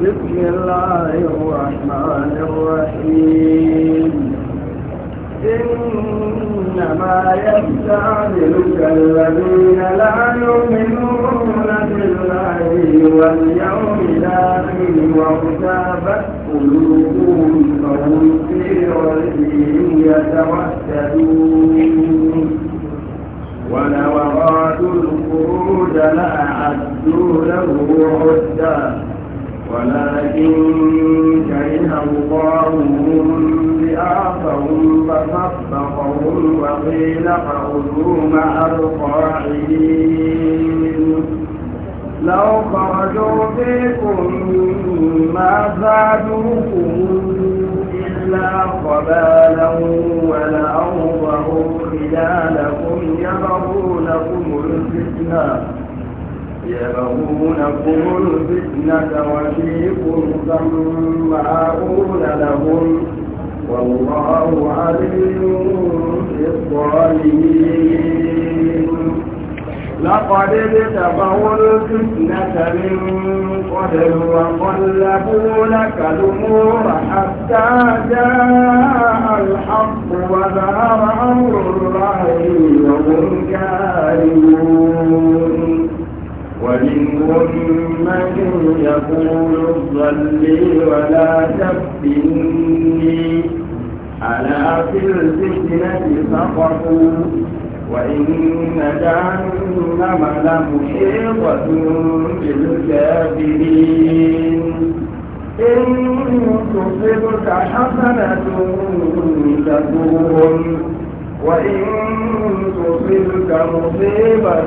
بسم الله الرحمن الرحيم إنما يستعجلك الذين لا يؤمنون بالله واليوم الآخر وارتابت قلوبهم فهم في ريبهم يتوكلون ولو الخروج لا لأعدوا له عدا ولكن كره الله بآخرهم فصدقهم وقيل اقعدوا مع القاعدين لو خرجوا فيكم ما زادوكم إلا خبالا ولأوضعوا خلالكم يبغونكم الفتنة يبغونكم الفتنة وفيكم سماعون لهم والله عليم بالظالمين لقد ابتغوا الفتنة من قبل وقلبوا لك الأمور حتى جاء الحق وظهر أمر الله وهم كارهون ومنهم من يقول اصلي ولا تفتني ألا في الفتنة سقطوا وإن جهنم لمحيطة بالكافرين إن تصبك حسنة تكون وإن تصبك مصيبة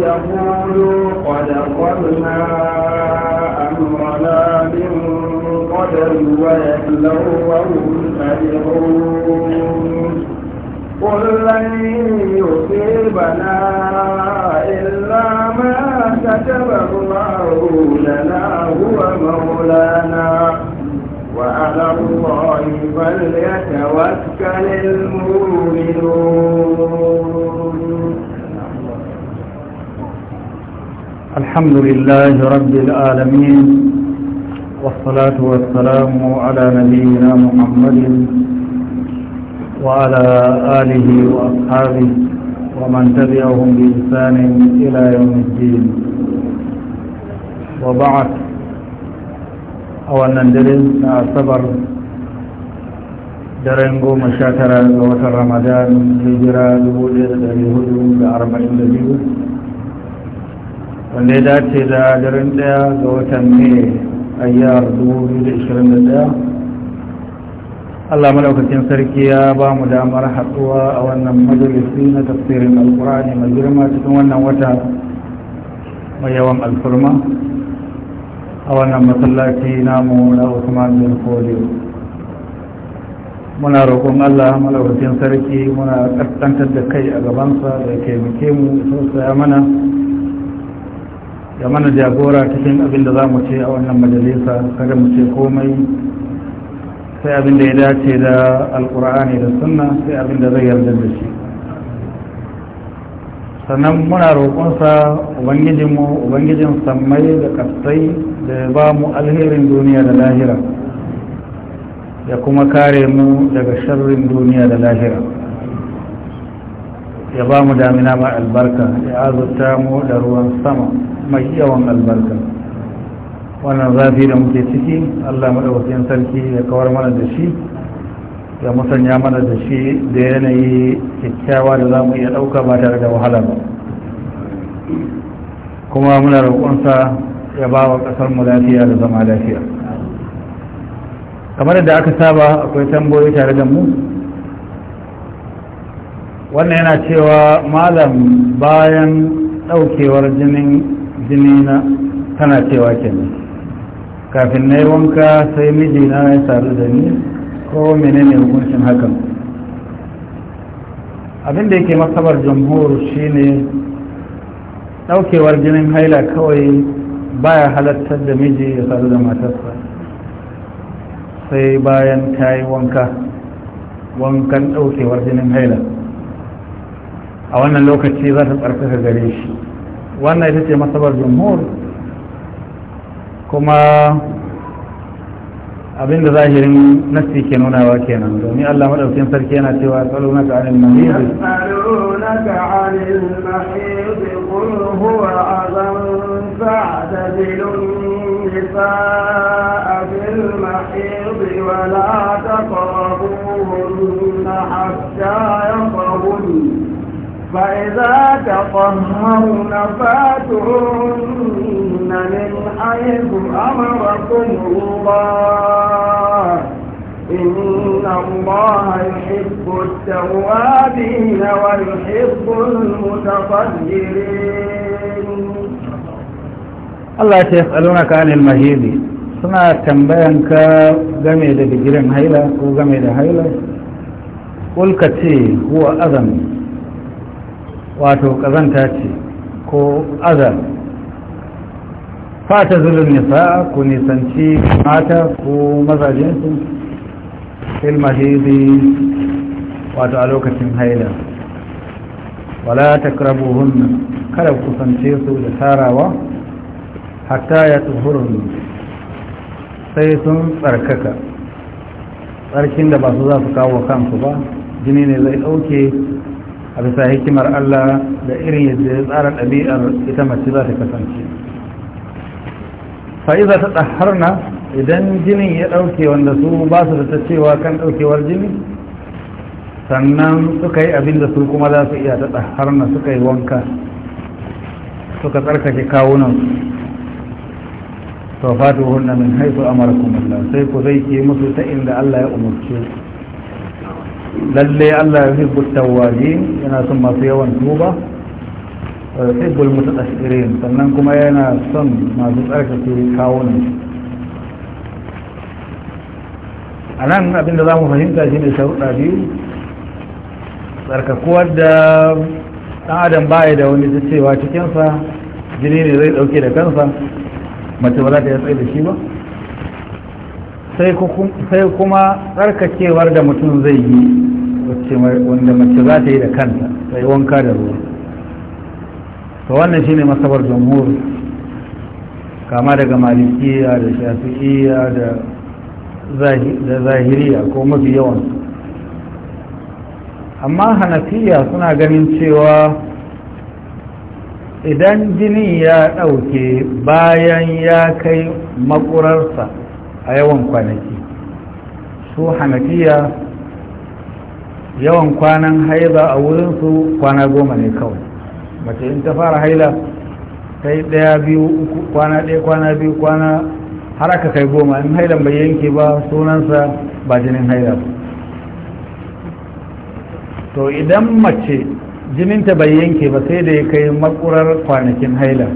يقولوا قد أَخَذْنَا أمرنا من قبل ويحلوا وهم فرحون قل لن يصيبنا إلا ما كتب الله لنا هو مولانا وعلى الله فليتوكل المؤمنون الحمد لله رب العالمين والصلاة والسلام على نبينا محمد وعلى آله وأصحابه ومن تبعهم بإحسان إلى يوم الدين وبعد أو أن ندرس صبر درنغو مشاكرا لغة رمضان هجرة لبوجة لليهود لأربع لبيو ولذا تدا درنغو مشاكرا لغة رمضان هجرة لبوجة لليهود Allah madaukakin sarki ya ba mu damar haɗuwa a wannan majalisi na tafsirin alkur'ani mai girma cikin wannan wata mai yawan alfurma a wannan masallaci namu na Usman bin kodiyo. muna roƙon Allah madaukakin sarki muna ƙasƙantar da kai a gabansa da taimake mu sosai mana ya mana jagora cikin abin da za mu ce a wannan majalisa kada mu ce komai sai abin da ya dace da alkur'ani da sunna sai abin da zai yarda da shi sannan muna roƙonsa ubangijinmu ubangijin samai da kasai da ya ba mu alherin duniya da lahira ya kuma kare mu daga sharrin duniya da lahira ya ba mu damina ma albarka ya azurta mu da ruwan sama mai yawan albarka wannan zafi da muke ciki allah maɗaukacin sarki ya kawar mana da shi ya musanya mana da shi da yanayi kyakkyawa da za mu iya ɗauka ba tare da wahala ba kuma muna roƙonsa ya ba wa ƙasarmu lafiya da zama lafiya kamar da aka saba akwai tambayoyi tare da mu wannan yana cewa malam bayan ɗaukewar jinin jini na tana cewa kenan kafin na yi wanka sai mijina ya sadu da ni ko menene hukuncin hakan abin da yake masabar jamhur shine daukewar jinin haila kawai baya halartar da miji ya sadu da matarsa sai bayan ta yi wanka wankan daukewar jinin haila a wannan lokaci za ta tsarkaka gare shi wannan ita ce masabar jamhur kuma abinda zahirin nassi ke nunawa kenan domin Allah madaukakin sarki yana cewa salunaka anil mahid salunaka anil mahid qul huwa azam fa'tadilun na في المحيض فإذا تطهرن فاتهن من حيث أمركم الله إن الله يحب التوابين ويحب المتطهرين الله يسألونك عن المهيد suna ka game da bigiran haila ko game da haila ƙulka ce huwa wato ƙazanta ce ko azan fata zulun nisa ku nisanci mata ko mazajensu ilmahidi wato a lokacin haida wala ta hunna kada ku kusance su da tarawa hatta ya tuhurun sai sun tsarkaka tsarkin da ba su za su kawo kansu ba jini ne zai ɗauke a bisa hikimar Allah da irin yadda ya tsara ɗabi'ar ita mace za ta kasance fa'iza ta ɗaharna idan jinin ya ɗauke wanda su ba su da ta cewa kan ɗaukewar jini sannan suka yi abin da su kuma za su iya ta ɗaharna suka yi wanka suka tsarkake kawunan to fatu hunna min haifu sai ku zai ke musu ta inda Allah ya umarci. lalle Allah ya fi tawwabin yana son masu yawan tuba hibbul mutaqassirin sannan kuma yana son masu tsarkake ne a nan abinda za mu fahimta shi ne sharuɗa biyu tsarkakuwar da ɗan adam baya da wani ta cewa cikinsa jini ne zai ɗauke da kansa mace ba za ta yi tsaye da shi ba sai kuma tsarkakewar da mutum zai yi wanda mace za ta yi da kanta sai wanka da ruwa to wannan shi ne masabar jamhur kama daga malikiya da shafi'iya da zahiriya ko mafi yawan amma hanafiya suna ganin cewa idan jinin ya ɗauke bayan ya kai makurarsa a yawan kwanaki su hanafiya yawan kwanan haiza a wurinsu kwana goma ne kawai mace in ta fara haila ta yi ɗaya biyu kwana ɗaya kwana biyu kwana har aka kai goma in hailan bai yanke ba sunansa ba jinin haila to idan mace jininta bai yanke ba sai da ya kai makurar kwanakin haila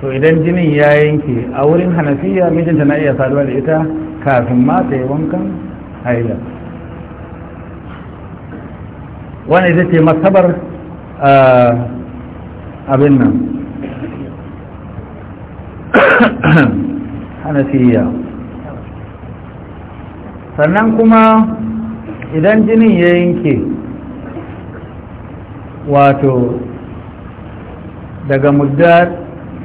to idan jinin ya yanke a wurin hanafiya mijinta na iya saduwa da ita kafin ma ta yi wankan haila wani ita ce masabar abin nan hanafiya sannan kuma idan jinin ya yanke wato daga mudda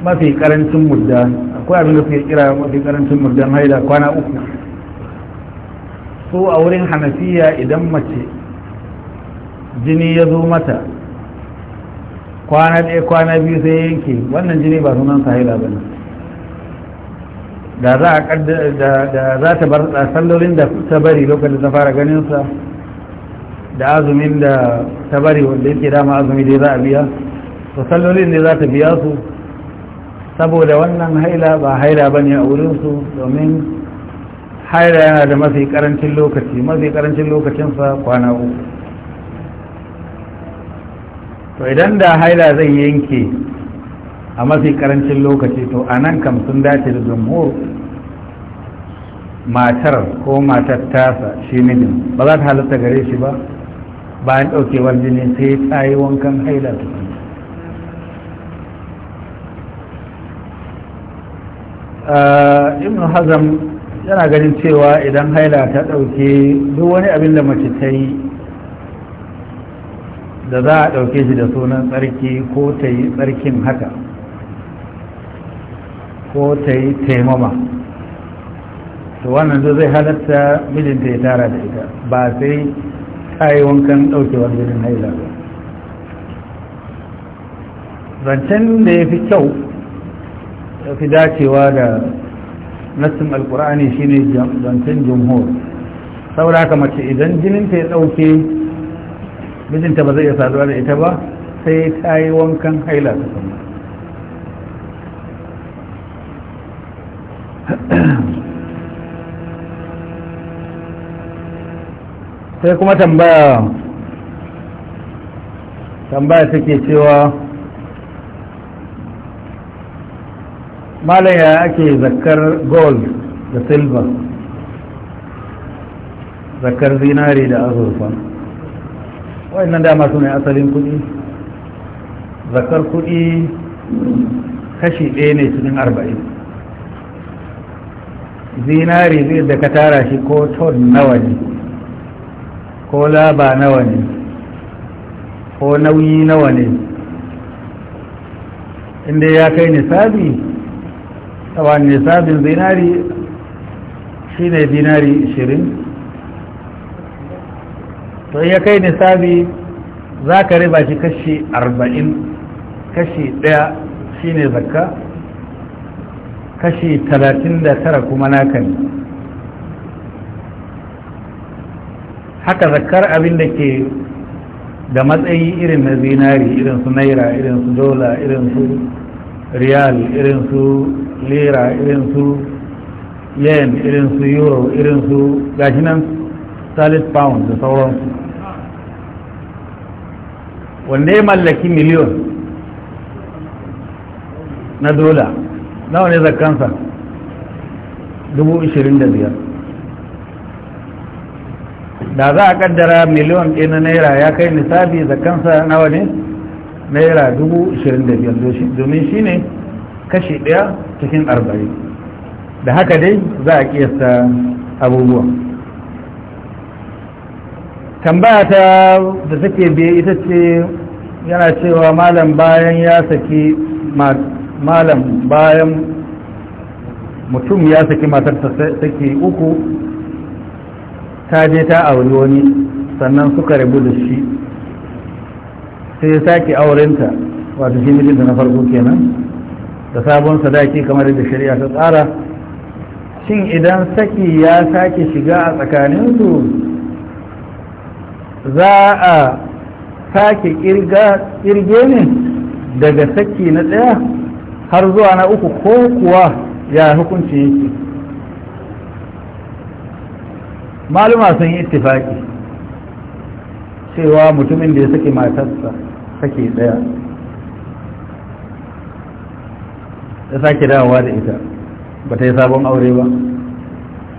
mafi karancin mudda akwai abin da suke kira mafi karancin muddan haida kwana uku su a wurin hanafiya idan mace jini ya zo mata kwana ɗaya kwana biyu sai yanke wannan jini ba sunan sahila ba ne da za ta bar sallolin da ta bari lokacin ta fara ganinsa da azumin da ta bari wanda yake dama azumi dai za a biya to sallolin ne za ta biya su saboda wannan haila ba haila ba ne a wurinsu domin haila yana da mafi karancin lokaci mafi karancin lokacinsa kwana uku to idan da haila zai yanke a mafi karancin lokaci to a nan kam sun dace da jumhur matar ko matar tasa shi mijin ba za ta halatta gare shi ba bayan ɗaukewar jini sai ta yi wankan haila su. Uh, ibn hazam yana ganin cewa idan haila ta ɗauke duk wani abin da mace ta yi da za a ɗauke shi da sunan tsarki ko ta yi tsarkin haka ko ta yi taimama to wannan da zai halatta mijinta ya tara da ita ba sai ta yi wankan ɗaukewar jinin haila ba zancen da ya fi kyau ya fi dacewa da nassin alkur'ani shine zancen jumhur saboda haka mace idan jininta ya ɗauke mijinta ba zai iya saduwa da ita ba sai ta yi wankan haila ta sama sai kuma tambaya tambaya take cewa malaya ake zakar gold da silver zakar zinari da azurfa wayannan dama su ne asalin kuɗi zakar kuɗi kashi ɗaya ne cikin arba'in zinari zai da ka tara shi ko ton nawa ne ko laba nawa ne ko nauyi nawa ne inda ya kai nisabi tsawon nisabin zinari shi ne zinari 20 to ya kai nisabi za ka riba shi kashi arba'in kashi ɗaya shine zakka kashi talatin da tara kuma naka ne haka zakkar abin da ke da matsayi irin na zinari irin su naira irin su dola irin su riyal irin su lira irin su yen irin su euro irin su gashinan salad pound da sauransu wanda ya mallaki miliyon na dola nawa ne zakansa dubu ishirin da biyar da za a kaddara miliyon ɗaya na naira ya kai nisabi zakansa nawa ne naira dubu ishirin da biyar domin shi ne kashi ɗaya cikin arba'in da haka dai za a kiyasta abubuwa tambaya ta da take biye ita ce yana cewa malam bayan ya saki malam bayan mutum ya saki matarsa take uku ta je ta auri wani sannan suka rabu da shi sai ya sake aurenta wato shi mijinta na farko kenan da sabon sadaki kamar da shari'a ta tsara shin idan saki ya sake shiga a tsakaninsu za a sake kirge ne daga saki na ɗaya har zuwa na uku ko kuwa ya hukunci yake maluma sun yi ittifaki cewa mutumin da ya sake matarsa sake ɗaya ya sake dawowa da ita ba ta yi sabon aure ba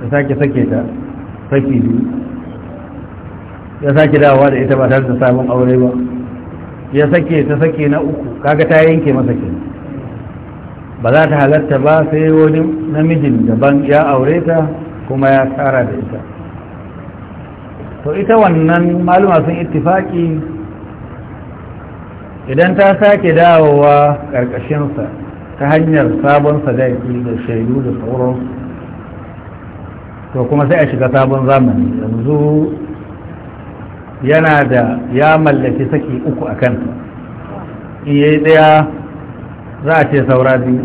ya sake sake ta sake biyu ya sake dawowa da ita ba tare da sabon aure ba ya sake ta sake na uku kaga ta yanke masa ke ba za ta halatta ba sai wani namijin daban ya aure ta kuma ya tsara da ita to ita wannan maluma sun ittifaki idan ta sake dawowa ƙarƙashinsa ta hanyar sabon sadaki da shaidu da sauransu to kuma sai a shiga sabon zamani yanzu yana da ya mallaki saki uku a kanta in yi daya za a ce saura biyu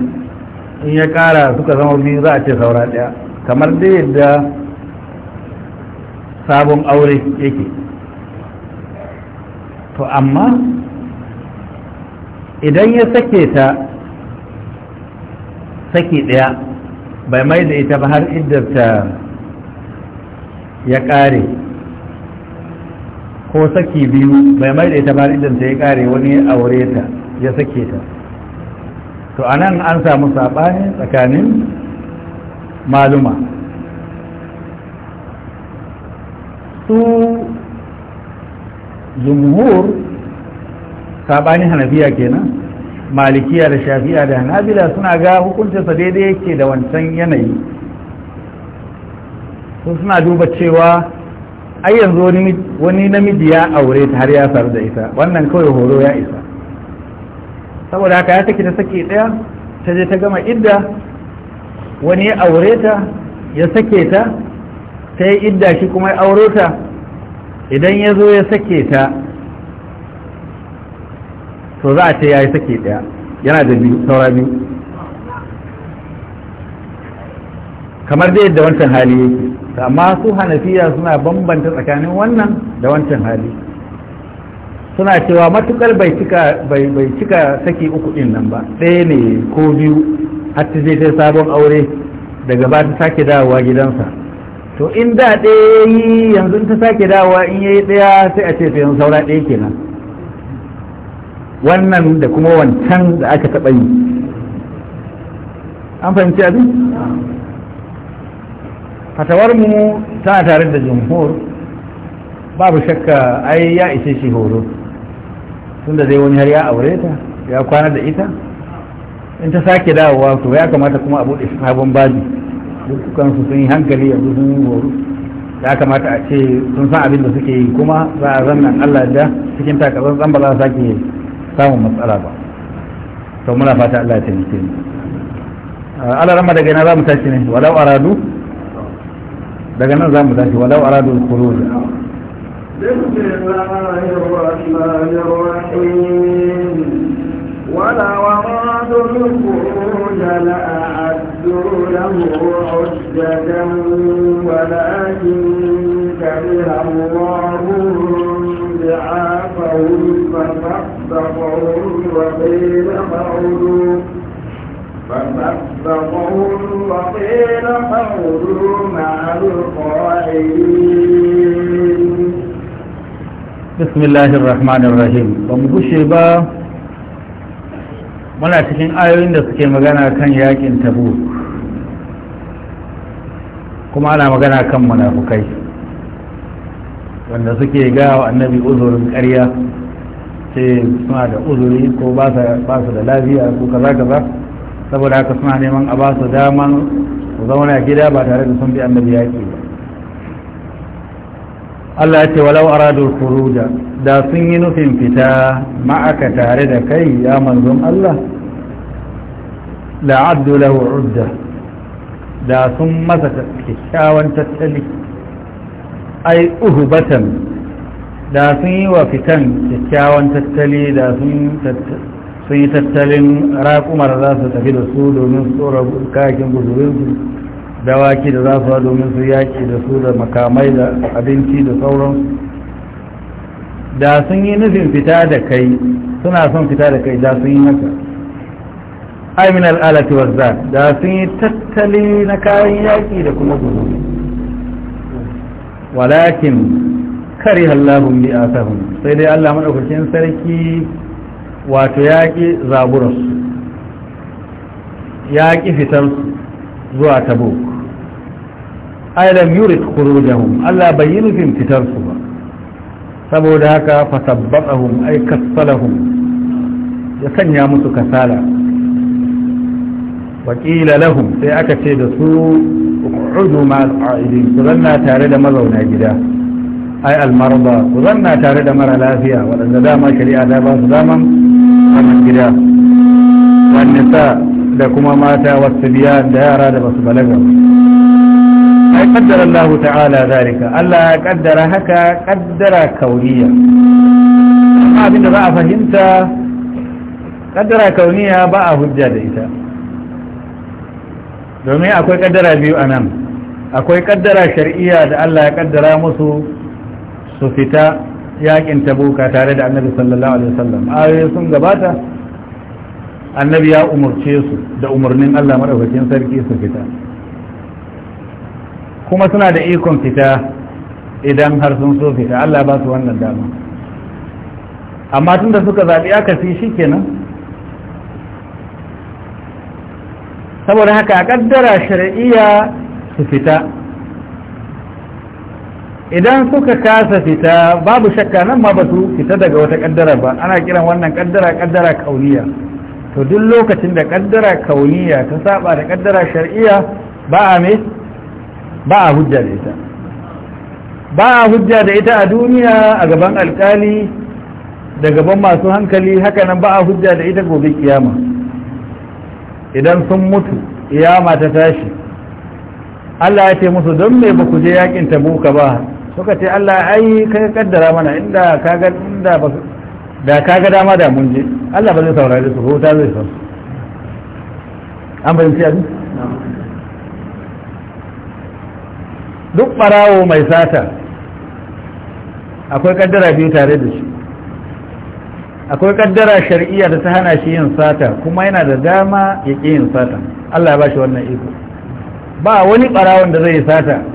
in ya kara suka zama biyu za a ce saura daya kamar da yadda sabon aure yake to amma idan ya sake ta saki daya bai mai da ita ba har iddarta ya kare ko saki biyu bai mai da ita ba idan ta ya kare wani aure ta ya sake ta to anan an samu sabani tsakanin maluma su jumhur sabani hanafiya kenan malikiya da shafi'a da hanabila suna ga hukuncinsa daidai yake da wancan yanayi su suna duba cewa ai yanzu wani namiji ya aure ta har ya faru da ita wannan kawai horo ya isa saboda haka ya take ta sake daya ta je ta gama idda wani ya aure ta ya sake ta ta yi idda shi kuma ya aure ta idan ya zo ya sake ta to za a ce ya yi sake daya yana da biyu saura biyu kamar dai yadda wancan hali yake amma su hanafiya suna bambanta tsakanin wannan da wancan hali suna cewa matukar bai cika saki uku din nan ba ɗaya ne ko biyu har ta je ta sabon aure daga ba ta sake dawowa gidansa to in da ɗaya yi yanzu ta sake dawowa in yayi ɗaya sai a ce yanzu saura ɗaya kenan wannan da kuma wancan da aka taɓa yi an fahimci abin fatawar mu ta tare da jumhur babu shakka ai ya ishe shi horo tunda dai wani har ya aure ta ya kwana da ita in ta sake dawowa to ya kamata kuma a buɗe sabon baji dukkan su sun yi hankali yanzu sun horo ya kamata a ce sun san abin da suke yi kuma za a nan Allah da cikin takazan zan ba za a sake samun matsala ba to muna fata Allah ya taimake mu Allah rama daga ina za mu tashi ne walau aradu daga nan za mu dace walau aradul khuruj بسم الله الرحمن الرحيم ولو أرادوا الخروج لأعدوا له عدة ولكن كره الله بعافهم فمحبطهم وقيل خرجوا فصدقهم وقيل حوضوا مع القائلين بسم الله الرحمن الرحيم ومبشي با muna cikin ayoyin da suke magana kan yakin tabu kuma ana magana kan munafukai wanda suke gawa annabi uzurin ƙarya ce suna da uzuri ko ba su da lafiya ko kaza kaza saboda haka suna neman a ba su daman su zauna gida ba tare da sun bi annabi ke ba Allah ya ce walau aradul khuruja da sun yi nufin fita ma'aka tare da kai ya manzon Allah la addu lahu udda da sun masa kyakkyawan tattali ai uhubatan da sun yi wa fitan kyakkyawan tattali da sun sun yi tattalin raƙumar za su tafi da su domin tsora kayakin guzurinsu dawaki da za su domin su yaƙi da su da makamai da abinci da sauransu da sun yi nufin fita da kai suna son fita da kai da sun yi haka aimin al'alati wazza da sun yi tattali na kayan yaƙi da kuma guzuri walakin kare hallahun bi asahun sai dai allah maɗaukakin sarki wato ya ƙi zaburarsu ya ƙi fitarsu zuwa tabuk ailam yurid khurujahum Allah bai yi nufin fitarsu ba saboda haka fasabbatahum ay kassalahum ya sanya musu kasala wakila lahum sai aka ce da su uqudu ma al-qa'idin ku tare da mazauna gida ai almarba ku zanna tare da mara lafiya waɗanda dama shari'a ta ba su daman zaman gida wani sa da kuma mata wasu biya da yara da basu balaga ai kaddara Allah ta'ala zalika Allah ya kaddara haka kaddara kauniya amma abinda ba a fahimta kaddara kauniya ba a hujja da ita domin akwai kaddara biyu a nan akwai kaddara shari'a da Allah ya kaddara musu su fita yakin tabuka tare da annabi sallallahu alaihi wasallam ayoyi sun gabata annabi ya umarce su da umarnin Allah madaukakin sarki su fita kuma suna da ikon fita idan har sun so fita Allah ba su wannan dama amma tunda suka zaɓi aka fi shi kenan saboda haka a ƙaddara shari'iyya su fita idan suka kasa fita babu shakka nan ma basu fita daga wata kaddara ba ana kiran wannan kaddara kaddara kauniya to duk lokacin da kaddara kauniya ta saba da kaddara shar'iyya ba a me ba a hujja da ita ba a hujja da ita a duniya a gaban alkali da gaban masu hankali haka nan ba a hujja da ita gobe kiyama idan sun mutu kiyama ta tashi Allah ya ce musu don me ba ku je yakin tabuka ba suka ce Allah ai ka kaddara mana inda ka ga inda ba da ka ga dama da mun je Allah ba zai saurare su ko ta zai san an bayyana abin duk barawo mai sata akwai kaddara biyu tare da shi akwai kaddara shari'iyya da ta hana shi yin sata kuma yana da dama ya ƙi yin sata Allah ya ba shi wannan iko ba wani barawon da zai yi sata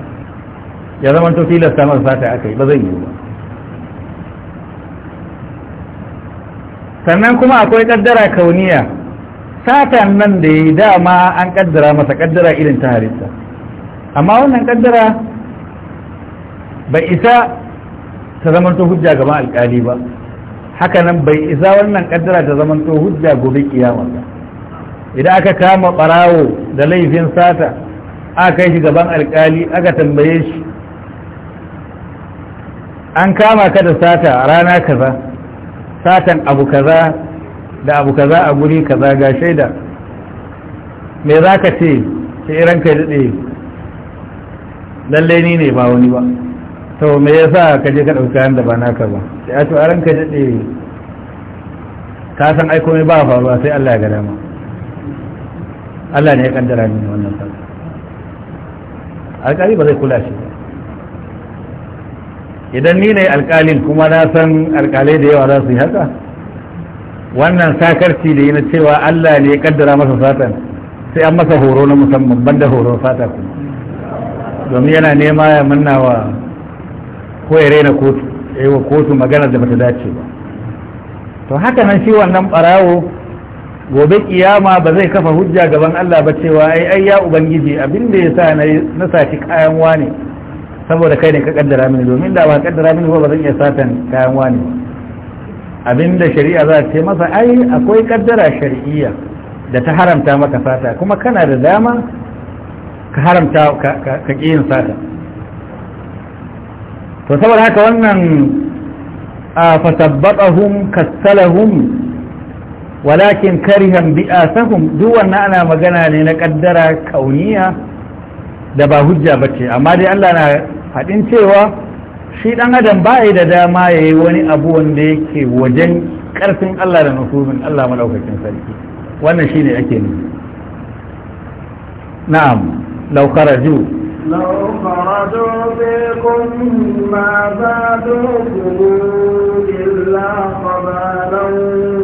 ya zama to tilasta masa sata aka yi ba zai yi ba sannan kuma akwai kaddara kauniya Sata nan da ya yi dama an kaddara masa kaddara irin ta halitta amma wannan kaddara bai isa ta to hujja gaban alkali ba haka nan bai isa wannan kaddara ta to hujja gobe kiyama ba idan aka kama barawo da laifin sata aka kai shi gaban alkali aka tambaye shi an kama ka da sata rana kaza satan abu kaza da abu kaza a guri kaza ga shaida me za ka ce ce ranka daɗe lalle ni ne ba wani ba to me yasa ka je ka ɗauki kayan da ba naka ba sai a to a ranka daɗe ka san ai komai ba faruwa sai Allah ya ga dama Allah ne ya kaddara mini wannan sabon alƙali ba zai kula shi ba idan ni ne alkalin kuma na san alkalai da yawa za su yi haka wannan sakarci da yi na cewa Allah ne ya kaddara masa satan sai an masa horo na musamman banda horo sata kuma domin yana nema ya manna wa ko ya raina kotu ya yi wa kotu magana da bata dace ba to haka nan shi wannan barawo gobe kiyama ba zai kafa hujja gaban Allah ba cewa ai ai ya ubangiji abin da ya sa na saci kayan wane saboda kai ne ka kaddara mini domin da ba kaddara mini ba zan iya satan kayan wani abinda shari'a za ta ce masa ai akwai kaddara shari'iyya da ta haramta maka sata kuma kana da dama ka haramta ka yin sata to saboda haka wannan a fasabbaqahum kassalahum walakin karihan bi'asahum duk wannan ana magana ne na kaddara kauniya da ba hujja bace amma dai Allah na haɗin cewa shi ɗan adam ba da dama ya yi wani abu wanda yake wajen ƙarfin Allah da nufufin Allah maɗaukakin sarki wannan shi ne ake nufi na'am laukara ju wala خرجوا فيكم ما زادوكم إلا قبالا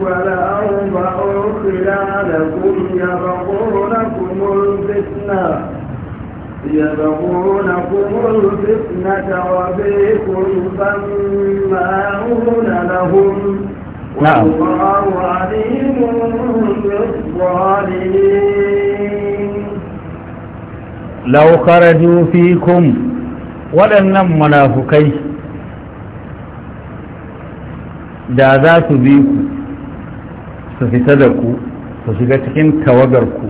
ولأوضعوا na يبغونكم الفتنة يبغونكم الفتنة وفيكم سماعون لهم نعم والله عليم بالظالمين لو خرجوا فيكم waɗannan munafukai da za su bi ku su fita da ku su shiga cikin tawagarku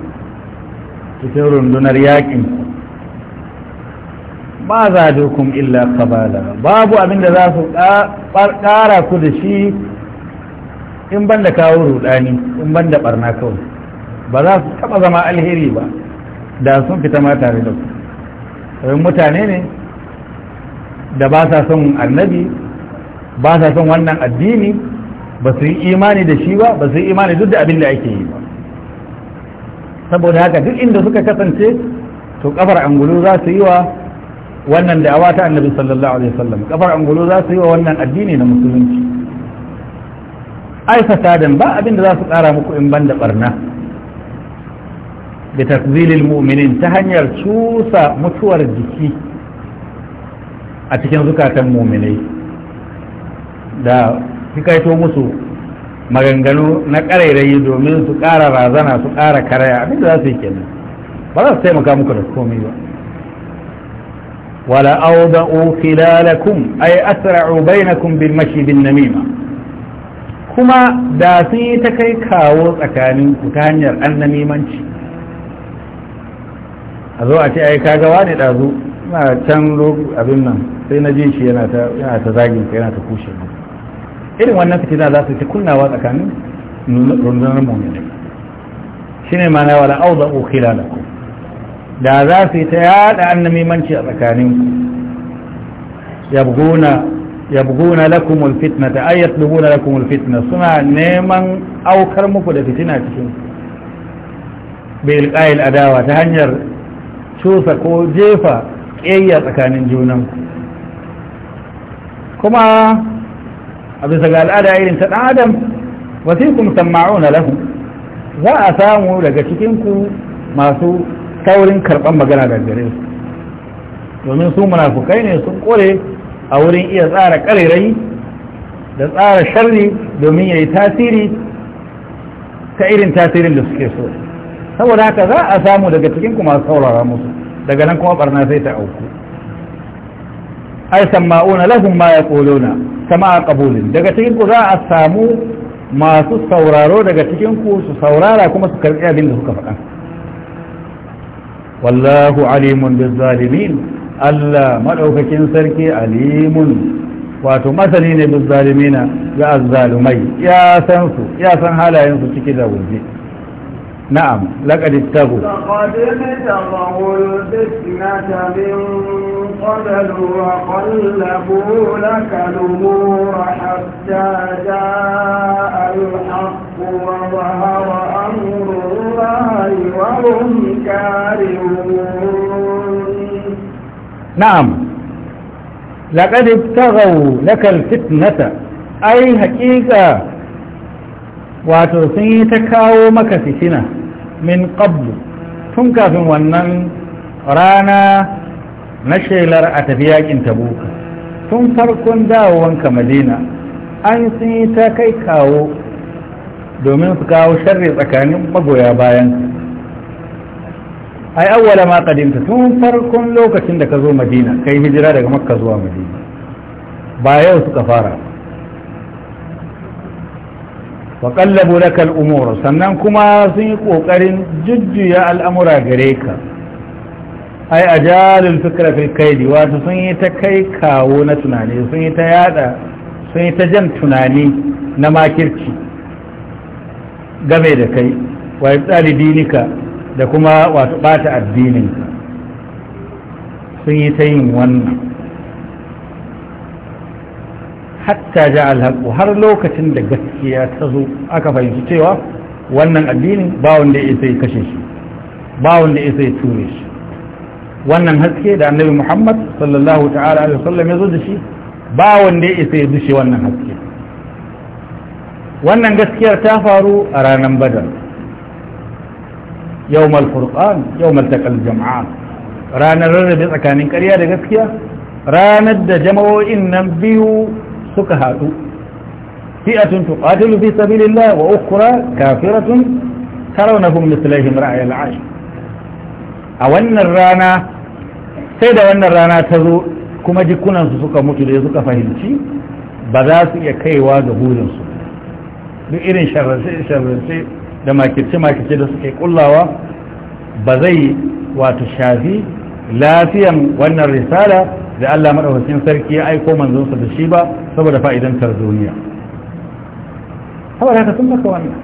cikin rundunar yaƙinku ba za dokun illa kabala babu abin da za su ƙara ku da shi in ban da kawo rudani in ban da ɓarna kawai ba za su taɓa zama alheri ba da sun fita ma tare da ku domin mutane ne da ba sa son annabi ba sa son wannan addini ba su yi imani da shi ba ba su yi imani duk da abin da ake yi ba saboda haka duk inda suka kasance to kafar angulu za su yi wa wannan da'awa ta annabi sallallahu alaihi wasallam kafar angulo za su yi wa wannan addini na musulunci ai fasadan ba abin da za su kara muku in banda barna da takzilil mu'minin ta hanyar cusa mutuwar jiki a cikin zukatan mu'minai da fikaito musu maganganu na ƙarairayi domin su ƙara razana su ƙara karaya abin da za su yi kenan ba za su taimaka muku da komai ba ولأوضأوا خلالكم أي أسرعوا بينكم بالمشي بالنميمة كما داسي تكي كاوز أكانين كتانير النميمانش أذو أتي أي كاقواني الأذو ما تنلو أبنا سينجيش ينا تزاقين ينا تكوشي إذن وانا فتنا داسي تكلنا واز أكانين رندنا المؤمنين شنو معنى ولا أوضأوا خلالكم da za su yi ta yada manci a tsakaninku yabguna yabguna alfitna ta ayat yatlubuna lakum fitna suna neman aukar muku da fitina cikin bil qail adawa ta hanyar cusa ko jefa kiyayya tsakanin junan kuma a bisa ga al'ada irin ta adam wasikum sama'una lahu za a samu daga cikin ku masu wurin karɓar magana da gare su domin su munafukai ne sun kore a wurin iya tsara ƙarerai da tsara sharri domin ya yi tasiri ta irin tasirin da suke so saboda haka za a samu daga cikin kuma saurara musu daga nan kuma barna sai ta auku ai sama'una lahum ma yaquluna sama'a qabulin daga cikin ku za a samu masu sauraro daga cikin ku su saurara kuma su karbi abin da suka faɗa والله عليم بالظالمين ألا مدعوككين سركي عليم واتو مثلين بالظالمين يا الظالمي يا سنسو يا سنحالا ينسو تكيدا وزي نعم لقد اتقوا لقد اتقوا البسمة من قبل وقلبوا لك الأمور حتى جاء الحق وظهر أمره الله وهم كارهون نعم لقد ابتغوا لك الفتنة أي حقيقة واتوسين تكاو مكفتنة من قبل تنكا في ونن رانا نشيلر أتفياك انت بوك تنفركن داوانك مدينة أنسي تكيكاو domin su kawo sharri tsakanin magoya bayan ai awwala ma tun farkon lokacin da ka zo madina kai hijira daga makka zuwa madina ba yau suka fara wa kallabu laka al'umur sannan kuma sun yi kokarin jujjuya al'amura gare ka ai ajalul fikra fil kaidi wato sun yi ta kai kawo na tunani sun yi ta yada sun yi ta jan tunani na makirci game da kai wa ibtali dinika da kuma wato bata addininka sun yi ta yin wannan hatta ja alhaku har lokacin da gaskiya ta zo aka fahimci cewa wannan addinin ba wanda ya sai kashe shi ba wanda ya sai ture shi wannan haske da annabi muhammad sallallahu ta'ala alaihi wasallam ya zo da shi ba wanda ya sai dushe wannan haske wannan gaskiyar ta faru a ranar badar yau malfurƙan yau maltakal jama'a ranar rarrabe tsakanin karya da gaskiya ranar da jama'o'in nan biyu suka haɗu fi'atun tuqatilu fi sabilillah wa ukhra kafiratun tarawnahum mislahum ra'ayal 'ayn a wannan rana sai da wannan rana ta zo kuma jikunansu suka mutu da suka fahimci ba za su iya kaiwa ga ba duk irin sharrance-sharrance da makirce-makirce da suke kullawa ba zai wato shafi lafiyan wannan risala da Allah maɗaukacin sarki ya aiko manzonsa da shi ba saboda fa'idantar duniya saboda haka sun baka wannan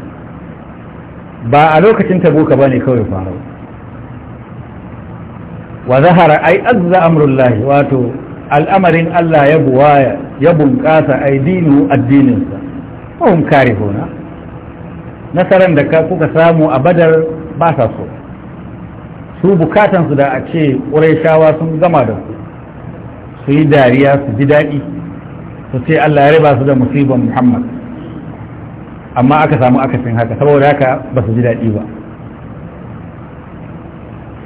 ba a lokacin tabuka ba ne kawai faru wa zahara ai azza amrullahi wato al'amarin Allah ya buwaya ya bunƙasa ai dinu addininsa kawun kare hona nasarar da kuka samu a badar ba sa so su bukatansu da a ce shawa sun gama da su su yi dariya su ji daɗi su ce Allah ya riba su da musibin Muhammad amma aka samu akasin haka saboda haka ba su ji daɗi ba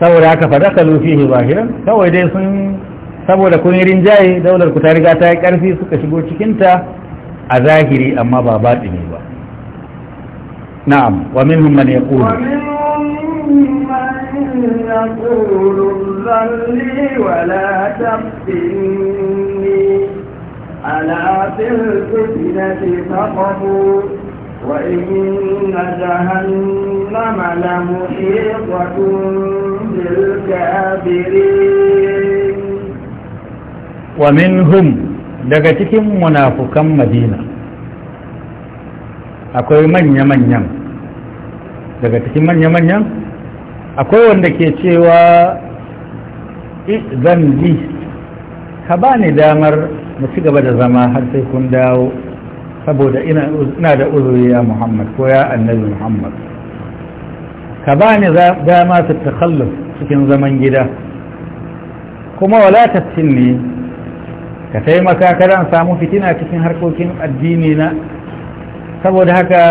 saboda haka faɗa ka lufi zahiran kawai dai sun saboda kun yi rinjaye daular ku ta riga ta yi ƙarfi suka shigo cikinta a zahiri amma ba batini ba na'am wa minhum man yaqulu wa minhum man yaqulu dhalli wa وإن جهنم لمحيطة بالكافرين ومنهم daga cikin munafukan madina akwai manya-manyan daga cikin manya-manyan akwai wanda ke cewa zan bi ka ba ni damar mu ci gaba da zama har sai kun dawo saboda ina da uzuri ya muhammad ko ya annabi muhammad ka ba ni dama ta cikin zaman gida kuma wala tattin ne ka taimaka karan samu fitina cikin harkokin addini na saboda haka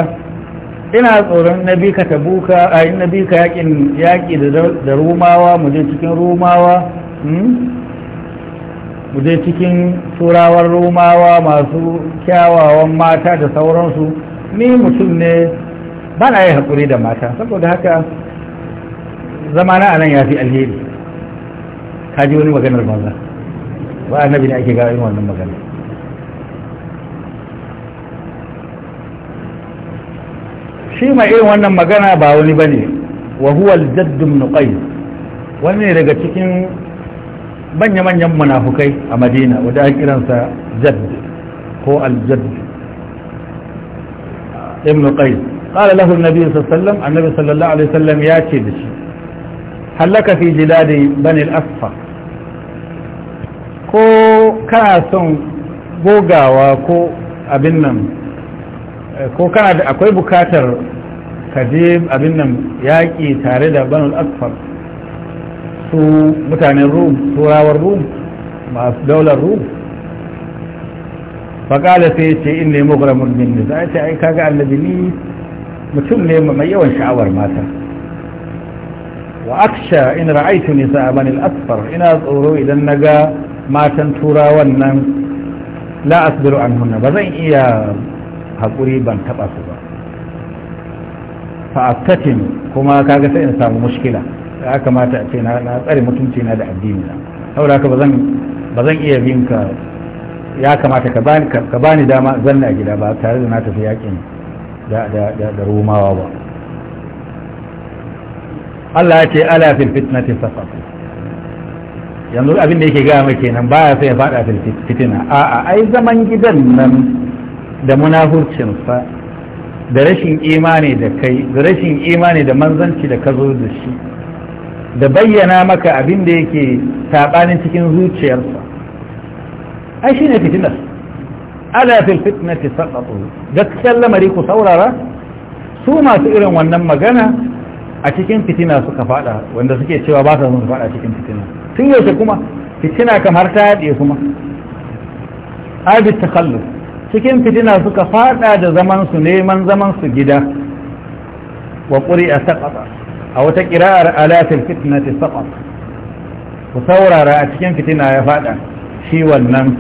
ina tsoron na ka tabuka a yin nabi ka yakin yaki da rumawa mu je cikin rumawa hmm? mu je cikin turawar rumawa masu kyawawan mata da sauransu ni mutum ne ba na yi haƙuri da mata saboda haka zamana a nan ya fi alheri ka ji wani maganar banza ba annabi ne ake gawa yin wannan magana shi mai irin wannan magana ba wani bane wa huwa al-jadd ibn qais wani daga cikin manya-manyan munafukai a madina wadda an kiransa jadd ko al-jadd ibn qais قال له النبي صلى الله عليه وسلم النبي صلى الله عليه وسلم ياتي بشي هل لك في جلاد بني الأصفر ko kana son gogawa ko abin nan eh, ko kana da akwai bukatar ka je abin nan yaƙi tare da banul akfar su mutanen rum turawar rum masu daular rum faƙala sai ce in ne mugramun min ne za a ce ai kaga annabi ni mutum ne mai yawan sha'awar mata Wa وأخشى إن رأيت نساء بني Ina tsoro idan na ga. matan turawan nan la asbiru ba zan iya haƙuri ban taɓa su ba fa'aftatin kuma kaga sai in samu mushkila ya kamata a ce na tsare mutunci na da addini na saboda haka ba zan iya bin ka ya kamata ka bani dama zanna a gida ba tare da na tafi yakin da romawa ba Allah ya ce ala fil fitnati fasaqu yanzu abin da yake gaya mai kenan ya sai ya fada fitina a'a ai zaman gidan nan da munafurcinsa da rashin imani da kai da rashin imani da manzanci da ka zo da shi da bayyana maka abin da yake saɓanin cikin zuciyarsa ai shi ne fitinar ala fil fitnati saqatu gaskiyar lamari ku saurara su masu irin wannan magana a cikin fitina suka fada wanda suke cewa ba sa son su fada cikin fitina tun yaushe kuma fitina kamar ta yaɗe kuma abin takallu cikin fitina suka fada da zaman su neman zaman su gida wa ƙuri a a wata ƙira'ar alatin fitina ta ku saurara a cikin fitina ya fada shi wannan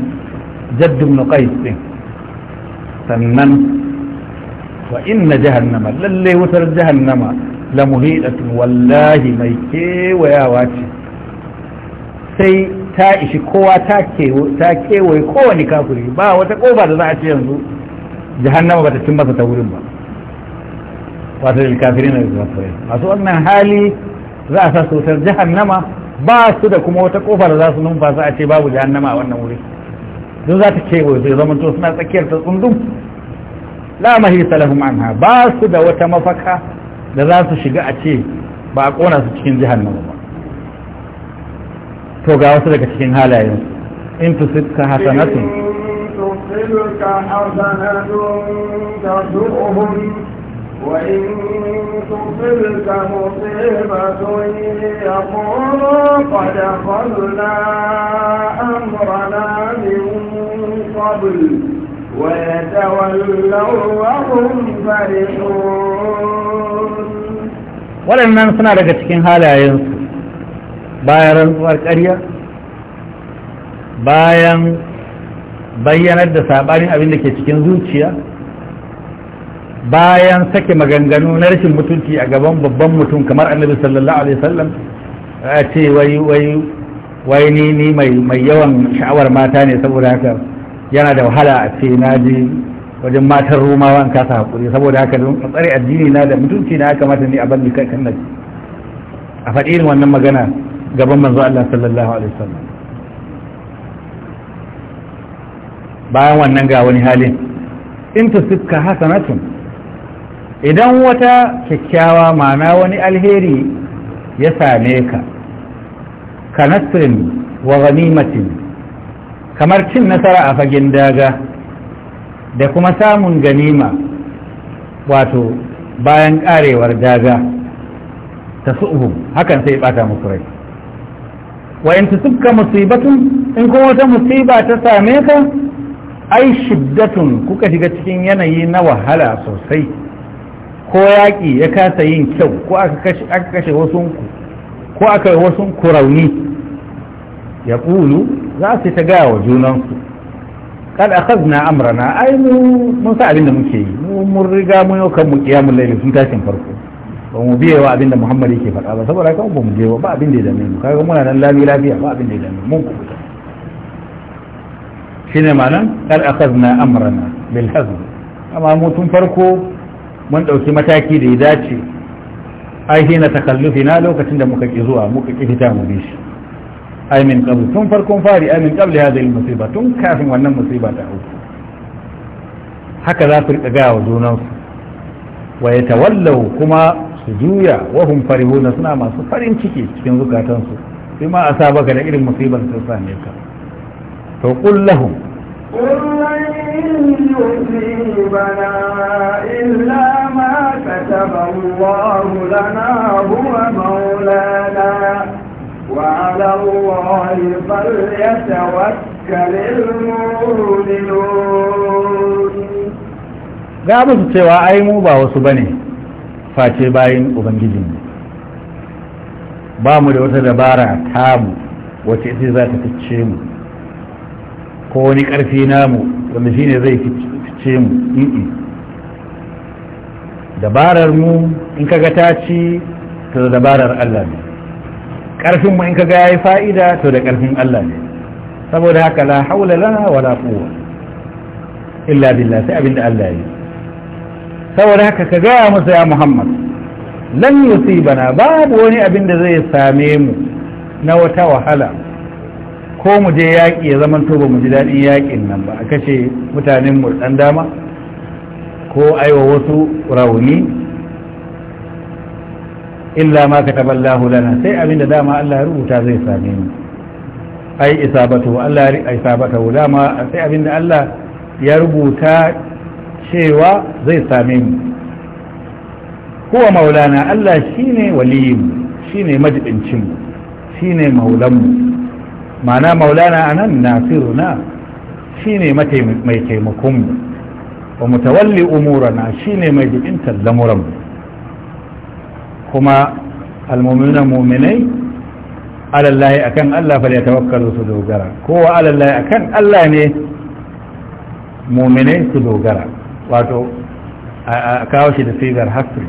jaddun nuƙais ɗin sannan wa inna jahannama lalle wutar jahannama la muhidatun wallahi mai kewayawa ce sai ta ishi kowa ta kewaye kowane kafiri ba wata kofa da za a ce yanzu jahannama ba ta cin masa ta wurin ba wato da kafiri na da kafirai masu wannan hali za a sa sautar jahannama ba su da kuma wata kofa da za su numfasa a ce babu jahannama a wannan wuri don za ta kewaye su zama to suna tsakiyar ta tsundum la mahi salahum anha ba su da wata mafaka da za su shiga a ce ba a kona su cikin jahannama ba to ga wasu daga cikin halayen in tusibka hasanatun tusibka hasanatun tasu'uhum وإن تصبك مصيبة يقولوا قد خلنا أمرنا من قبل ويتولوا وهم فرحون waɗannan suna daga cikin halayensu bayan rantsuwar ƙarya bayan bayyanar da sabanin abin da ke cikin zuciya bayan sake maganganu na rashin mutunci a gaban babban mutum kamar annabi sallallahu alaihi wasallam a ce wai wai wai ni ni mai yawan sha'awar mata ne saboda haka yana da wahala a ce na je wajen matan rumawa an kasa hakuri saboda haka don tsare addini na da mutunci na kamata ni a bani kan nan a faɗi irin wannan magana gaban manzo Allah sallallahu alaihi wasallam bayan wannan ga wani halin in tusibka hasanatun idan wata kyakkyawa mana wani alheri ya same ka kanasrin wa ganimatin kamar cin nasara a fagen daga da kuma samun ganima wato bayan karewar daga ta su'uhu hakan sai bata musu rai wa in tusibka musibatun in kuma wata musiba ta same ka ai shiddatun kuka shiga cikin yanayi na wahala sosai ko yaƙi ya kasa yin kyau ko aka kashe wasunku ko aka yi rauni ya ƙulu za su ta gaya wa junansu kad akhadna amrana ai mu mun sa abin da muke yi mun riga mun yau kan mu kiyamu layl sun tashin farko ba mu biye wa abinda Muhammad yake faɗa ba saboda haka ba mu biye ba abin da ya dame mu kaga muna nan lami lafiya ba abin da ya dame mu ku shine ma'anan kar akhadna amrana bil hazm amma mu tun farko mun dauki mataki da ya dace ai hina takallufina lokacin da muka ki zuwa muka ki fita mu bi shi ai min qabl tun farkon fari ai min qabl hadhihi al musiba tun kafin wannan musiba ta auku haka za su riƙa gaya wa junansu wa ya tawallau kuma su juya wahum farihuna suna masu farin ciki cikin zukatansu sai ma a saba ka da irin musibar ta same ka to qul lahum ga musu cewa ai mu ba wasu bane face bayan ubangiji ne ba mu da wata dabara tamu wacce ita za ta fice mu ko wani ƙarfi namu wanda shi ne zai fice mu i'i dabarar mu in kaga ta ci to da dabarar Allah ne ƙarfin mu in kaga ya yi fa'ida to da ƙarfin Allah ne saboda haka la haula lana wala quwwa illa billah sai abinda Allah ya yi saboda haka ka gaya musu ya muhammad lan yusibana babu wani abin da zai same mu na wata wahala ko mu je yaƙi ya zaman to ba mu ji daɗin yaƙin nan ba a kashe mutanen mu ɗan dama ko aiwa wasu rauni illa ma kataballahu lana sai abin da dama Allah ya rubuta zai same mu ai isabatu Allah ya isabatu dama sai abin da Allah ya rubuta cewa zai same mu huwa maulana Allah shine waliyin shine majidincin mu shine maulan mu ma'ana maulana anan nasiruna shine mai taimakon mu wa mutawalli umurana shine mai jibintar lamuran mu kuma almu'minuna mu'minai alallahi akan Allah fa tawakkalu su dogara kowa alallahi akan Allah ne mu'minai su dogara wato a kawo shi da figar hasri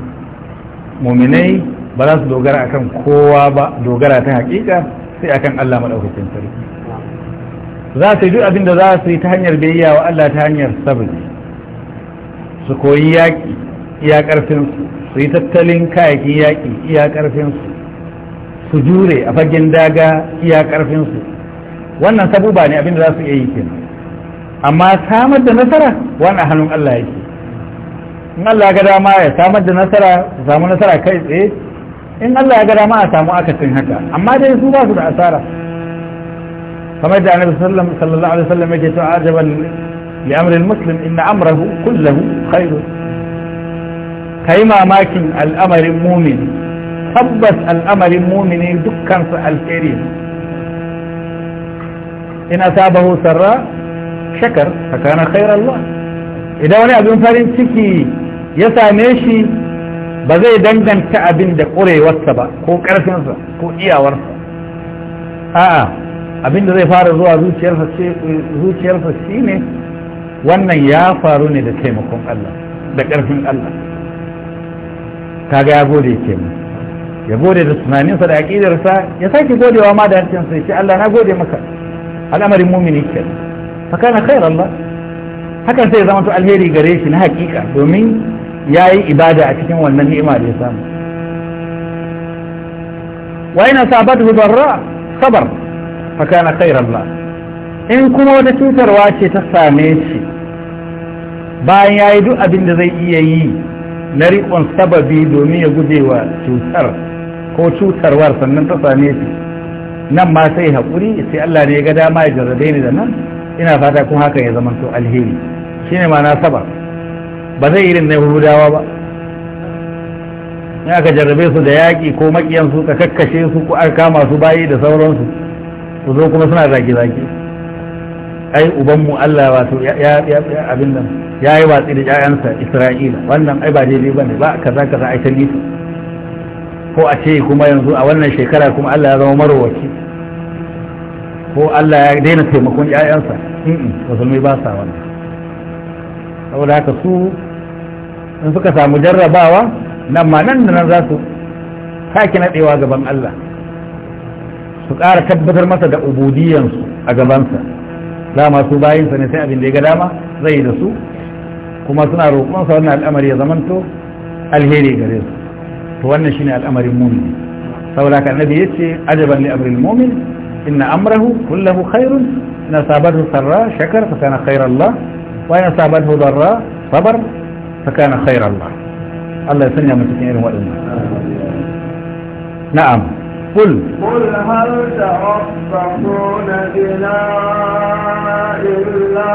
muminai ba za su dogara akan kowa ba dogara ta hakika sai akan Allah madaukakin sarki za su yi duk abin da za su yi ta hanyar biyayya wa Allah ta hanyar sabri su koyi yaƙi iya karfin su su yi tattalin kayayyakin yaƙi iya karfin su su jure a fagen daga iya karfin su wannan ba ne abin da za su iya yi kenan amma samar da nasara wani hannun Allah yake in Allah ya ga dama ya samar da nasara su samu nasara kai tsaye in Allah ya ga dama a samu akasin haka amma dai su ba su da asara kamar da annabi sallallahu alaihi wasallam yake cewa ajaban li amri muslim inna amrahu kulluhu khair kai mamakin al'amarin mumin tabbas al'amarin mu'min dukkan su alkhairi ina sabahu sarra shakar fakana khairan la idan wani abin farin ciki ya same shi ba zai danganta abin da ƙurewarsa ba ko ƙarfinsa ko iyawarsa a'a abin da zai fara zuwa zuciyarsa shi ne wannan ya faru ne da taimakon Allah da ƙarfin Allah ga ya gode ke mu ya gode da tunaninsa da aƙidarsa ya sake godewa ma da harshensa ya ce Allah na gode maka al'amarin mumini kenan fakana khairan hakan sai zama to alheri gare shi na hakika domin ya yi ibada a cikin wannan ni'ima da ya samu wa ina sabatu darra sabar fakana khairan in kuma wata cutarwa ce ta same shi bayan ya yi duk abin da zai iya yi na riƙon sababi domin ya guje wa cutar ko cutarwar sannan ta same shi nan ma sai haƙuri sai Allah ne ya ga dama ya jarrabe ni da nan ina fata kun hakan ya zama to alheri shine ma na saba ba zai irin na hudawa ba in aka jarrabe su da yaƙi ko maƙiyansu ka kakkashe su ko aka kama su bayi da sauransu su zo kuma suna zaki-zaki. ai ubanmu Allah wato ya abin nan ya yi watsi da ƴaƴansa Isra'ila wannan ai ba daidai ba ne ba kaza kaza ai ta ko a ce kuma yanzu a wannan shekara kuma Allah ya zama marowaci ko Allah ya daina taimakon ‘ya'yansa musulmi ba sa wannan saboda haka su in suka samu jarrabawa nan ma nan da nan za su sake naɗewa gaban Allah su ƙara tabbatar masa da ubudiyansu a gabansa dama su bayinsa ne sai abin da ya ga dama zai yi da su kuma suna roƙonsa wannan al'amari ya zamanto alheri gare su to wannan shine al'amarin mumin saboda haka annabi yace ajaban li amril mumin إن أمره كله خير إن أصابته سراء شكر فكان خير الله وإن أصابته ضراء صبر فكان خير الله الله يسلم من تكينه وإنه نعم قل قل هل تربصون بنا إلا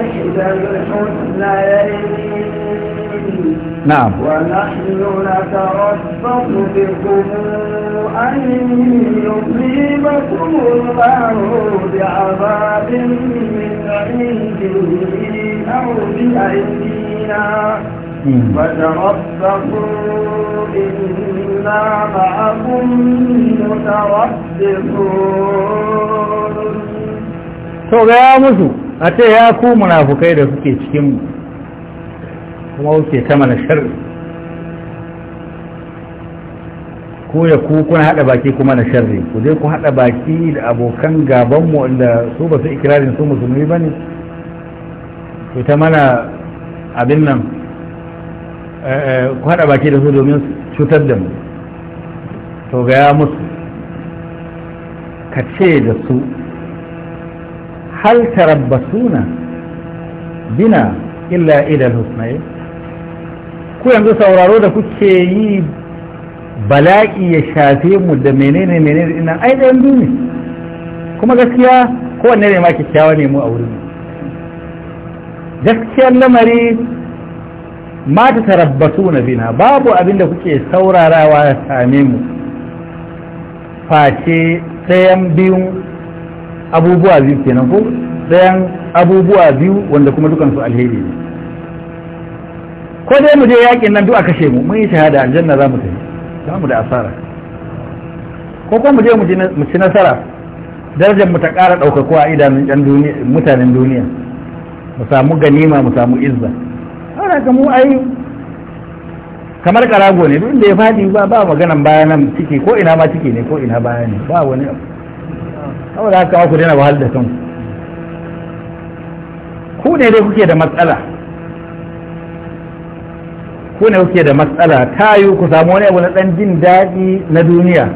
إحدى الحسنين نعم ونحن نتربص بكم أن يصيبكم الله بعذاب من عنده أو بأيدينا فتربصوا إنا معكم متربصون. To gaya musu, a ce ya ku munafukai da suke cikinmu, kuma wuce ta mana shari ko ya ku kuna haɗa baki kuma na sharri ku je ku haɗa baki da abokan gabanmu wanda su ba su ikirarin su musulmi ba ne ku ta mana abin nan eh, eh, ku haɗa baki da su domin cutar da mu to gaya musu ka ce da su hal tarabbasuna bina illa idal husnayi ku yanzu sauraro da kuke yi bala'i ya shafe mu da menene menene ina ai da yanzu ne kuma gaskiya kowanne ne ma kyakkyawa ne mu a wurin gaskiyar lamari ma ta tarabbatu na bina babu abin da kuke saurarawa ya same mu face tsayan biyun abubuwa biyu kenan ko tsayan abubuwa biyu wanda kuma dukansu alheri ne ko dai mu je yakin nan duk a kashe mu mun yi shahada aljanna za mu tafi za mu da asara ko kuma mu je mu ci nasara darajar mu ta ƙara ɗaukakuwa a idanun mutanen duniya mu samu ganima mu samu izza ana ga mu ai kamar karago ne duk da ya faɗi ba ba maganan baya nan ciki ko ina ma ciki ne ko ina baya ne ba wani abu saboda haka ku daina wahal da kanku ku ne dai kuke da matsala ku ne kuke da matsala ta yi ku samu wani abu na ɗan jin daɗi na duniya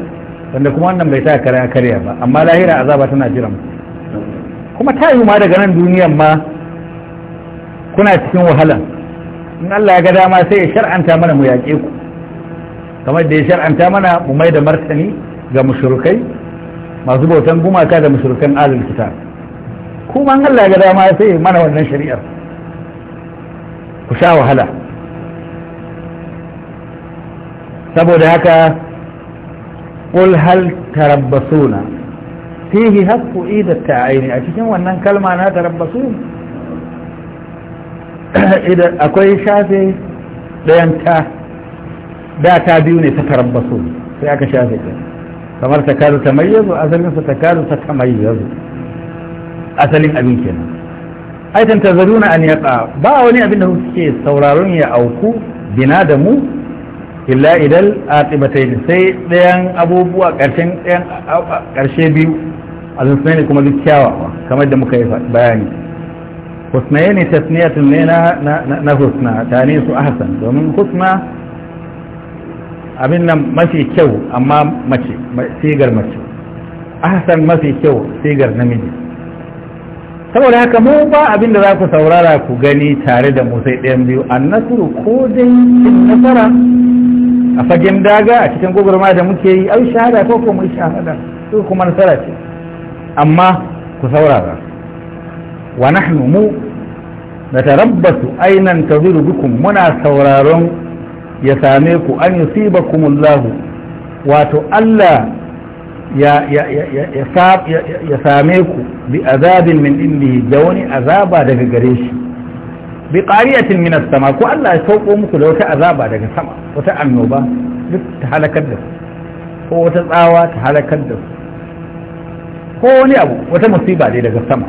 wanda kuma wannan bai sa karya karya ba amma lahira azaba tana jiran kuma ta yi ma daga nan duniyan ma kuna cikin wahala in Allah ya ga dama sai ya shar'anta mana mu yaƙe ku kamar da ya shar'anta mana mu mai da martani ga mushrikai masu bautan gumaka da mushrikan alil kitab kuma in Allah ya ga dama sai mana wannan shari'ar ku sha wahala saboda haka qul hal tarabbasuna fihi hakku ta aini a cikin wannan kalma na tarabbasu? idan akwai shafe ɗayan ta da ta biyu ne ta tarabbasu sai aka shafe ta kamar ta karu ta mayyazu asalin sa ta karu ta tamayyazu asalin abin kenan ai tantar zaruna an yaqa ba wani abin da kuke sauraron ya auku bina da mu illa idan aqibatai sai ɗayan abubuwa ƙarshen ɗayan ƙarshe biyu al-husnaini kuma duk kyawa kamar da muka yi bayani husnaini tasniyatun ne na na husna ta ne su ahsan domin husna abin nan mafi kyau amma mace sigar mace ahsan mafi kyau sigar namiji saboda haka mu ba abin da za ku saurara ku gani tare da mu sai ɗayan biyu annasuru ko dai nasara a fagen daga a cikin gugurma da muke yi ai shahada ko kuma yi shahada su kuma nasara ce amma ku saurara wa nahnu mu da tarabbasu ainan taziru bikum muna sauraron ya same ku an yusibakumullahu wato Allah ya same ku bi azabin min indihi da wani azaba daga gare shi bi qariyatin min as-sama ko Allah ya sauko muku da wata azaba daga sama wata annoba duk ta halakar da su ko wata tsawa ta halakar da su ko wani abu wata musiba dai daga sama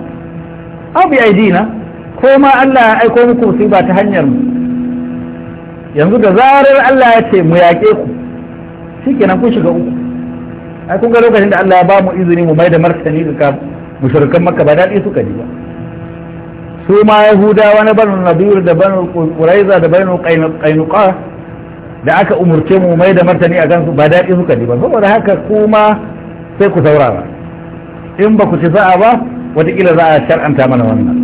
aw bi aidina ko ma Allah ya aiko muku musiba ta hanyar mu yanzu da zarar Allah ya ce mu yaƙe ku shikenan kun shiga uku ai kun ga lokacin da Allah ya ba mu izini mu mai da martani ga mushrikan Makka ba dadi suka ji ba su ma yahudawa na banu nadir da banu quraiza da banu qainuqa da aka umurce mu mai da martani a kansu ba daɗi suka ji ba saboda haka kuma sai ku saurara in ba ku ci za'a ba wataƙila za a shar'anta mana wannan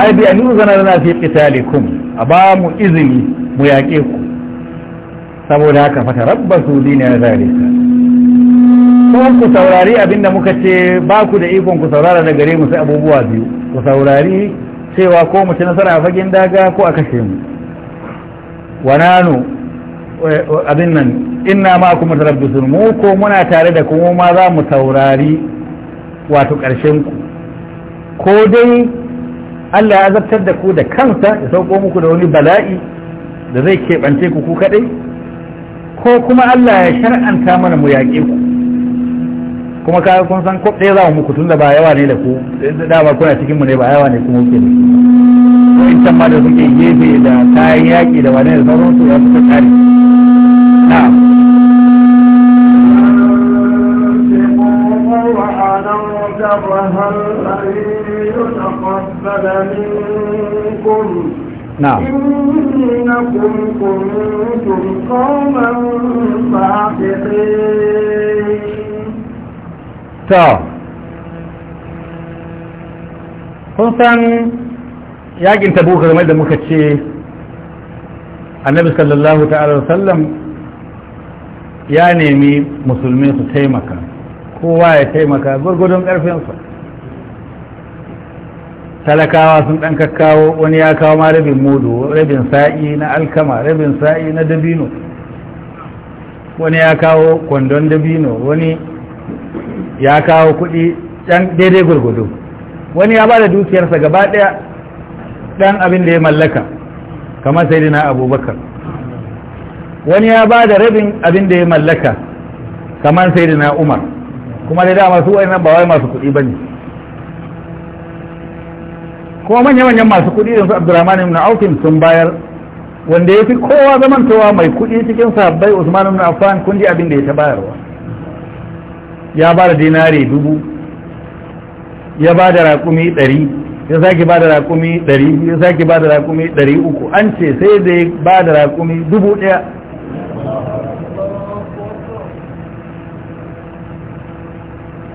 ai bi an zana lana fi qitalikum a ba mu izini mu yaƙe ku saboda haka fata rabba rabbasu dina zalika ko ku saurari abinda muka ce ba ku da ikon ku saurara da gare mu sai abubuwa biyu ku saurari cewa ko mu ci nasara a fagen daga ko a kashe mu wa eh, abin nan inna ma kuma tarabbusun mu ko muna tare da kuma ma za mu saurari wato ƙarshen ku ko dai Allah ya azabtar da ku da kansa ya sauko muku da wani bala'i da zai keɓance ku ku kaɗai ko kuma Allah ya shar'anta mana mu yaƙe ku kuma ka kun san ko ɗaya za mu muku tunda ba yawa ne da ku da ba kuna cikin mu ne ba yawa ne kuma ke ko in can ma da suke gefe da kayan yaƙi da wani da su ya suka kare na نعم إنكم كنتم قوما to kun san yakin tabuka kamar da muka ce annabi sallallahu ta'ala wasallam ya nemi musulmi su taimaka kowa ya taimaka gurgudun karfinsa talakawa sun dan kakkawo wani ya kawo ma rabin mudu rabin sa'i na alkama rabin sa'i na dabino wani ya kawo kwandon dabino wani ya kawo kuɗi ɗan daidai gurgudu wani ya ba da dukiyarsa gaba ɗaya ɗan abin da ya mallaka kamar sai dina abubakar wani ya ba da rabin abin da ya mallaka kamar sai dina umar kuma da dama su wani ba wai masu kuɗi ba ne kuma manya-manyan masu kuɗi yanzu su abdurrahman ibn aukin sun bayar wanda ya fi kowa zamantowa mai kuɗi cikin sabbai usman ibn affan kun ji abin da ya ta bayarwa ya ba da dinari dubu ya ba da raƙumi ɗari ya sake ba da raƙumi ɗari ya sake ba da raƙumi ɗari uku an ce sai da ya ba da raƙumi dubu ɗaya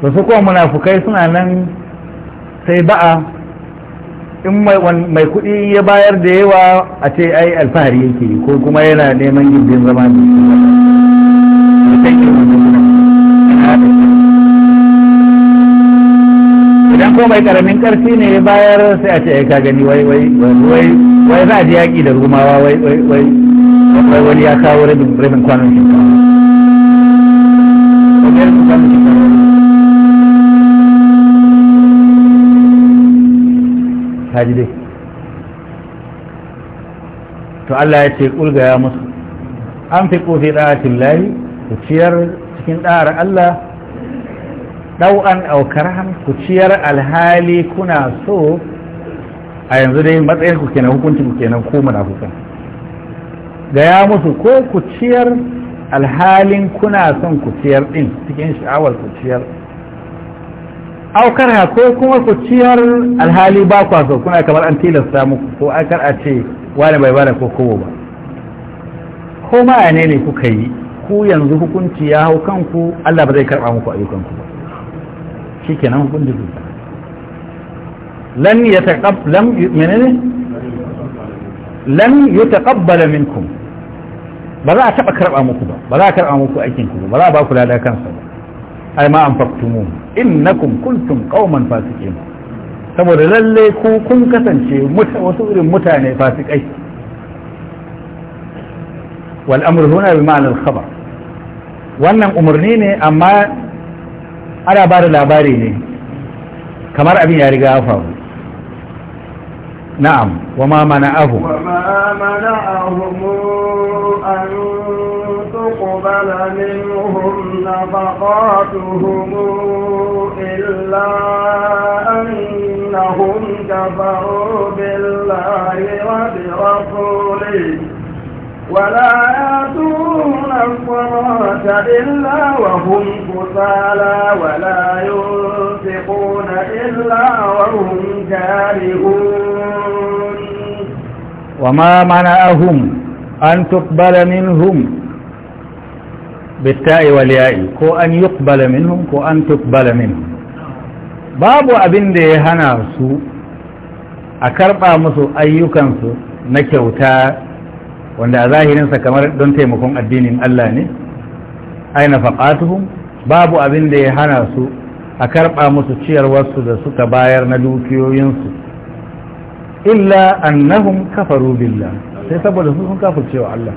da su kuma munafukai suna nan sai ba'a in mai kuɗi ya bayar da yawa a ce ai alfahari yake ko kuma yana neman gindin zama da su idan ko mai karamin karfi ne ya bayar sai a ce ka gani wai wai wai wai za a ji yaƙi da rumawa wai wai wai wai wani ya kawo rabin rabin kwanon shinkafa wani rabin kwanan shinkafa haji dai to Allah ya ce kulga ya musu an fi kofi ɗa'atin lahi ku ciyar cikin ɗa'ar Allah ɗau'an aukarhan ku ciyar alhali kuna so a yanzu dai matsayin ku kenan hukuncin ku kenan ko munafukan gaya musu ko ku ciyar alhalin kuna son ku ciyar din cikin sha'awar ku ciyar aukarha ko kuma ku ciyar alhali ba kwa so kuna kamar an tilasta muku ko kar a ce wani bai bada ko kowa ba ko ma ne ne kuka yi ku yanzu hukunci ya hau kanku Allah ba zai karba muku ayyukanku ba shikenan hukunci su lan ya taqabbal menene lan yutaqabbala minkum ba za a taba karba muku ba ba za a karba muku aikin ku ba za a ba ku lada kansa ba ai ma anfaqtumu innakum kuntum qauman fasiqin saboda lalle ku kun kasance wasu irin mutane fasikai wal amru huna bi ma'anar khabar wannan umarni ne amma ana ba da labari ne kamar abin ya riga ya faru na'am wa ma mana'ahum wa ma mana'ahum an tuqbala minhum nafaqatuhum illa annahum wa ولا يأتون الصلاة إلا وهم كسالى ولا ينفقون إلا وهم كارهون وما منعهم أن تقبل منهم بالتاء والياء كو أن يقبل منهم كو أن تقبل منهم باب أبن دي هنا سوء a karɓa musu ayyukansu na kyauta wanda a zahirinsa kamar don taimakon addinin Allah ne aina faqatuhum babu abin da ya hana su a karɓa musu ciyarwarsu da suka bayar na dukiyoyinsu illa annahum kafaru billah sai saboda su sun kafirce wa Allah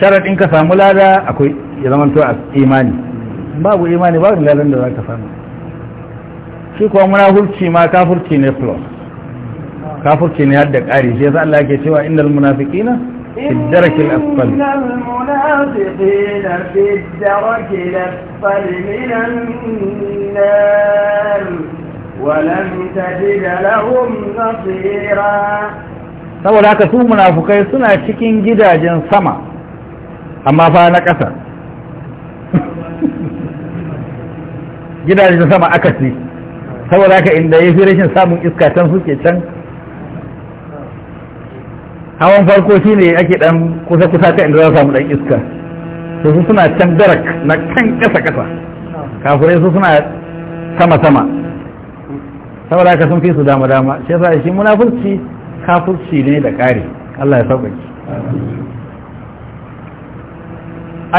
sharadin ka samu lada akwai ya zama to imani babu imani babu ladan da za ka samu shi kuma munafurci ma kafurci ne plus kafurci ne har da ƙari shi yasa Allah ke cewa innal munafiqina fi darakil asfal innal munafiqina fi darakil asfal minan nar wa lam tajid lahum nasira saboda haka su munafukai suna cikin gidajen sama amma fa na ƙasa gidajen sama akasi saboda haka inda ya fi rashin samun iska can suke can hawan farko shi ne ake dan kusa kusa ta inda za samu dan iska to su suna can darak na kan kasa kasa kafirai su suna sama sama saboda haka sun fi su dama dama shi yasa shi munafurci kafurci ne da kare Allah ya sauƙaƙe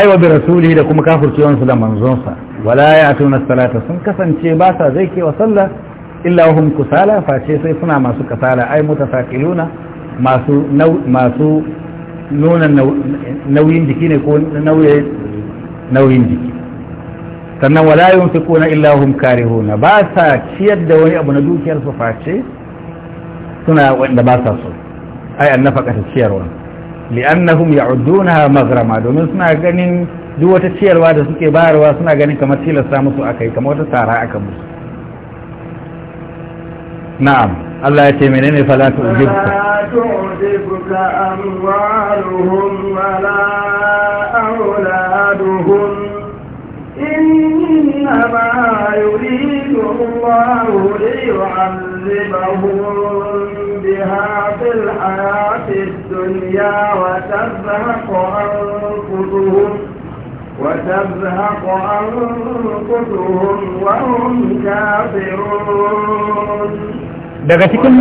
aiwa bi rasuli da kuma su da manzonsa wala ya tuna salata sun kasance ba sa zai wa sallah illa hum kusala face sai suna masu kasala ai mutasaqiluna masu masu nuna nauyin jiki ne ko nauyin jiki sannan wala yunfiquna illa hum karihuna ba sa ciyar da wani abu na dukiyar su face suna wanda ba sa so ai an ta ciyarwa li'annahum ya'uddunaha maghrama domin suna ganin duk wata ciyarwa da suke bayarwa suna ganin kamar tilasta musu akai kamar wata tara aka musu نعم الله يأتي فلا تؤجبك فلا تؤذبك أموالهم ولا أولادهم إنما يريد الله ليعذبهم بها في الحياة الدنيا وتزهق أنفسهم وتزهق أنفسهم وهم كافرون daga cikin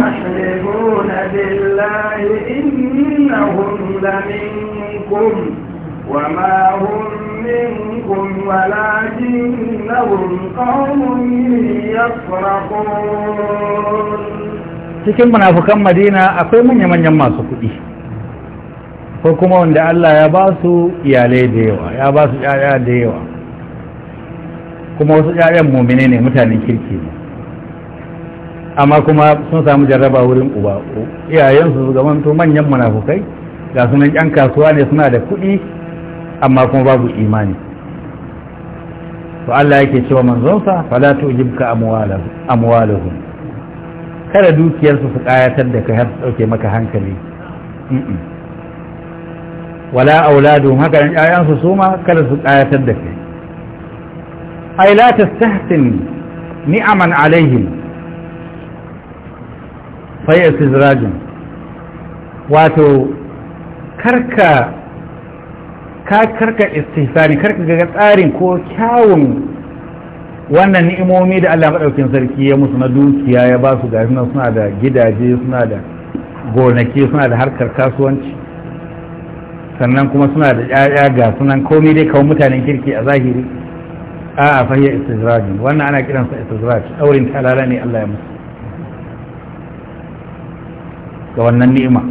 cikin munafukan madina akwai manya-manyan masu kuɗi ko kuma wanda Allah ya ba su iyalai da yawa ya ba su ƴaƴa da yawa kuma wasu ƴaƴan mumine ne mutanen kirki ne amma kuma sun samu jarraba wurin uba iyayensu su gaban to manyan munafukai ga sunan yan kasuwa ne suna da kuɗi amma kuma babu imani to Allah yake cewa manzonsa fala tujibka amwaluhum amwaluhum kada dukiyarsu su kayatar da kai har su dauke maka hankali wala auladuhum haka nan ƴaƴansu su ma kada su kayatar da kai ai la tastahsin ni'aman alaihim fayar sizirajin wato karka karka istihsani karka ga tsarin ko kyawun wannan ni'imomi da Allah maɗaukin sarki ya musu na dukiya ya ba su nan suna da gidaje suna da gonaki suna da harkar kasuwanci sannan kuma suna da ƴaƴa ga sunan komai dai kawai mutanen kirki a zahiri a a fahiyar istizrajin wannan ana kiransa istizraj aurin talala ne Allah ya musu Ga wannan ni'ima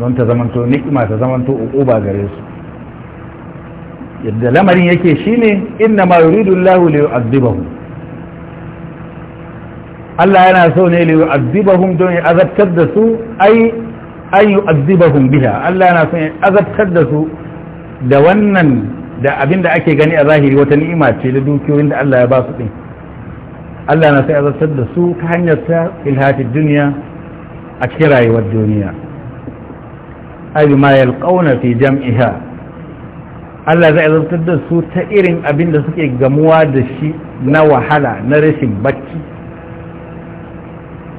don ta zamanto ni'ima ta zamanto uquba gare su yadda lamarin yake shine inna ma yuridu Allahu li yu'adhibahum Allah yana so ne li yu'adhibahum don ya azabtar da su ai an yu'adhibahum biha Allah yana so ya azabtar da su da wannan da abin da ake gani a zahiri wata ni'ima ce da dukiyoyin da Allah ya ba su din Allah na sai azabtar da su ta hanyar ta ilhati duniya a cikin rayuwar duniya abi ma yalqauna fi jam'iha Allah zai zartar da su ta irin abin da suke gamuwa da shi na wahala na rashin bacci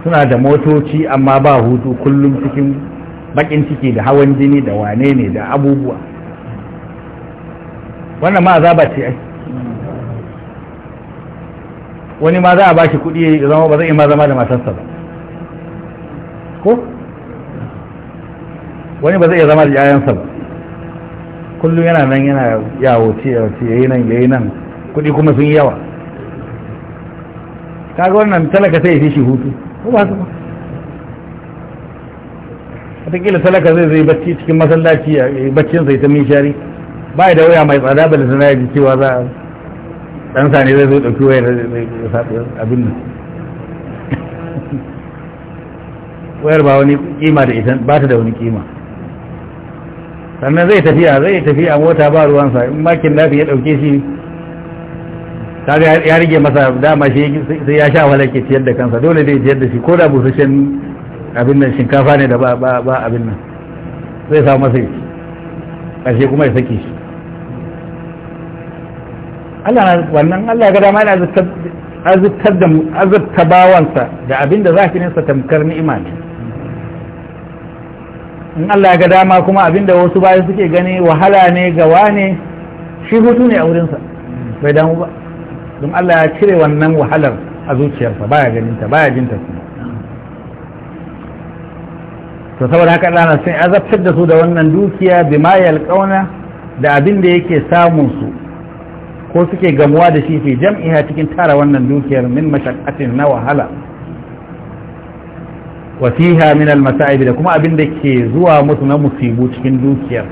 suna da motoci amma ba hutu kullum cikin bakin ciki da hawan jini da wane ne da abubuwa wannan ma azaba ce ai wani ma za a bashi kuɗi ya zama ba zai ma zama da matarsa ba ko wani ba zai iya zama da yayansa ba kullum yana nan yana yawo ce yayi nan yayi nan kuɗi kuma sun yi yawa kaga wannan talaka sai ya fi shi hutu ko ba su ba wataƙila talaka zai zai bacci cikin masallaci a baccin sai ta mishari ba da waya mai tsada ba da sana ya ji cewa za a ɗansa ne zai zo ɗauki zai abin nan wayar ba wani kima da ita ba ta da wani kima sannan zai tafiya zai tafiya mota ba ruwansa in makin lafi ya dauke shi kaga ya rige masa dama shi sai ya sha wahala ke ciyar da kansa dole zai ciyar da shi ko da busasshen abin nan shinkafa ne da ba ba abin nan zai samu masa shi kashe kuma ya saki shi Allah na wannan Allah ga dama yana azabtar da bawansa da abin da nesa tamkar ni'ima ne in Allah ga dama kuma abinda wasu bayan suke gani wahala ne gawa ne shi hutu ne a wurinsa bai damu ba don Allah ya cire wannan wahalar a zuciyarsa baya ganinta baya jinta kuma to saboda haka Allah na sun azabtar da su da wannan dukiya bima yalqauna da abin da yake samun su ko suke gamuwa da shi fi jam'iha cikin tara wannan dukiyar min mashaqqatin na wahala wa min al masa'ib da kuma abin da ke zuwa musu na musibu cikin dukiyar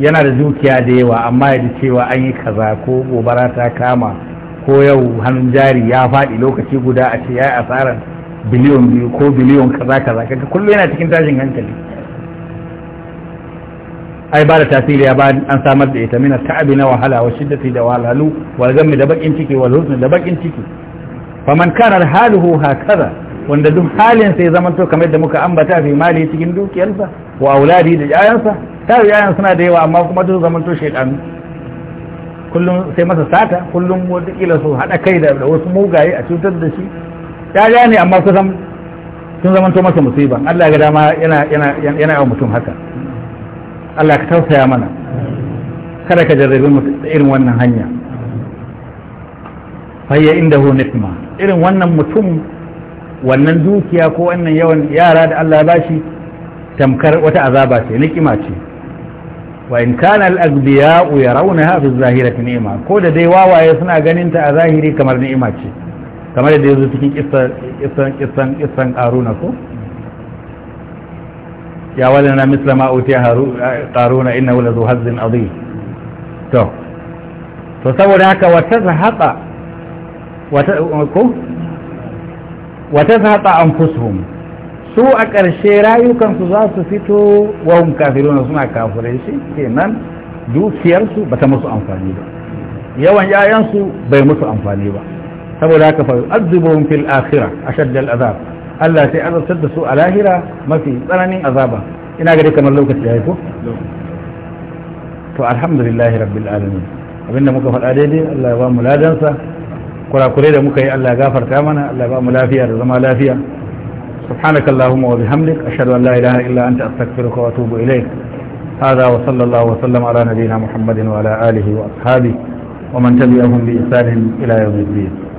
yana da dukiya da yawa amma ya ji cewa an yi kaza ko gobara ta kama ko yau hannun jari ya faɗi lokaci guda a ce ya yi asarar biliyon biyu ko biliyon kaza kaza kaga kullum yana cikin tashin hankali ai ba da tasiri ya ba an samar da ita mina ta'abi na wahala wa shiddati da wahalhalu wal gammi da bakin ciki wal huzni da bakin ciki faman kana haluhu hakaza wanda duk halin sai zama to kamar da muka ambata fi mali cikin dukiyarsa wa auladi da yayansa ta yayan suna da yawa amma kuma duk zaman to shaytan kullum sai masa sata kullum wata kila su hada kai da wasu mugaye a cutar da shi ya ne amma kusan sun zaman to masa musiba Allah ga dama yana yana yana yawa mutum haka Allah ka tausaya mana kada ka jarrabe mu irin wannan hanya fayya indahu nikma irin wannan mutum wannan dukiya ko wannan yawan yara da Allah ya bashi tamkar wata azaba ce ni kima ce wa in kana al-aghbiya'u yarawnaha fi zahirati ni'ma ko da dai wawaye suna ganin ta a zahiri kamar ni'ima ce kamar da yazo cikin kissan kissan kissan kissan qaruna ko ya walana misla ma utiya qaruna innahu la zu hazzin adhim to to saboda haka wata zahaqa wata ko wata zata an fusun su a ƙarshe rayukansu za su fito wahun kafiruna suna kafirai shi kenan dukiyarsu ba ta musu amfani ba yawan yayansu bai musu amfani ba saboda haka fa azibuhum fil akhirah ashadda al azab Allah sai azabtar da su a lahira mafi tsananin azaba ina ga kamar lokaci yayi ko to alhamdulillahi rabbil alamin abinda muka faɗa daidai Allah ya ba mu ladansa kurakurai da muka yi Allah gafarta mana Allah ba mu lafiya da zama lafiya سبحانك اللهم وبحمدك أشهد أن لا إله إلا أنت أستغفرك وأتوب إليك هذا وصلى الله وسلم على نبينا محمد وعلى آله وأصحابه ومن تبعهم بإحسان إلى يوم الدين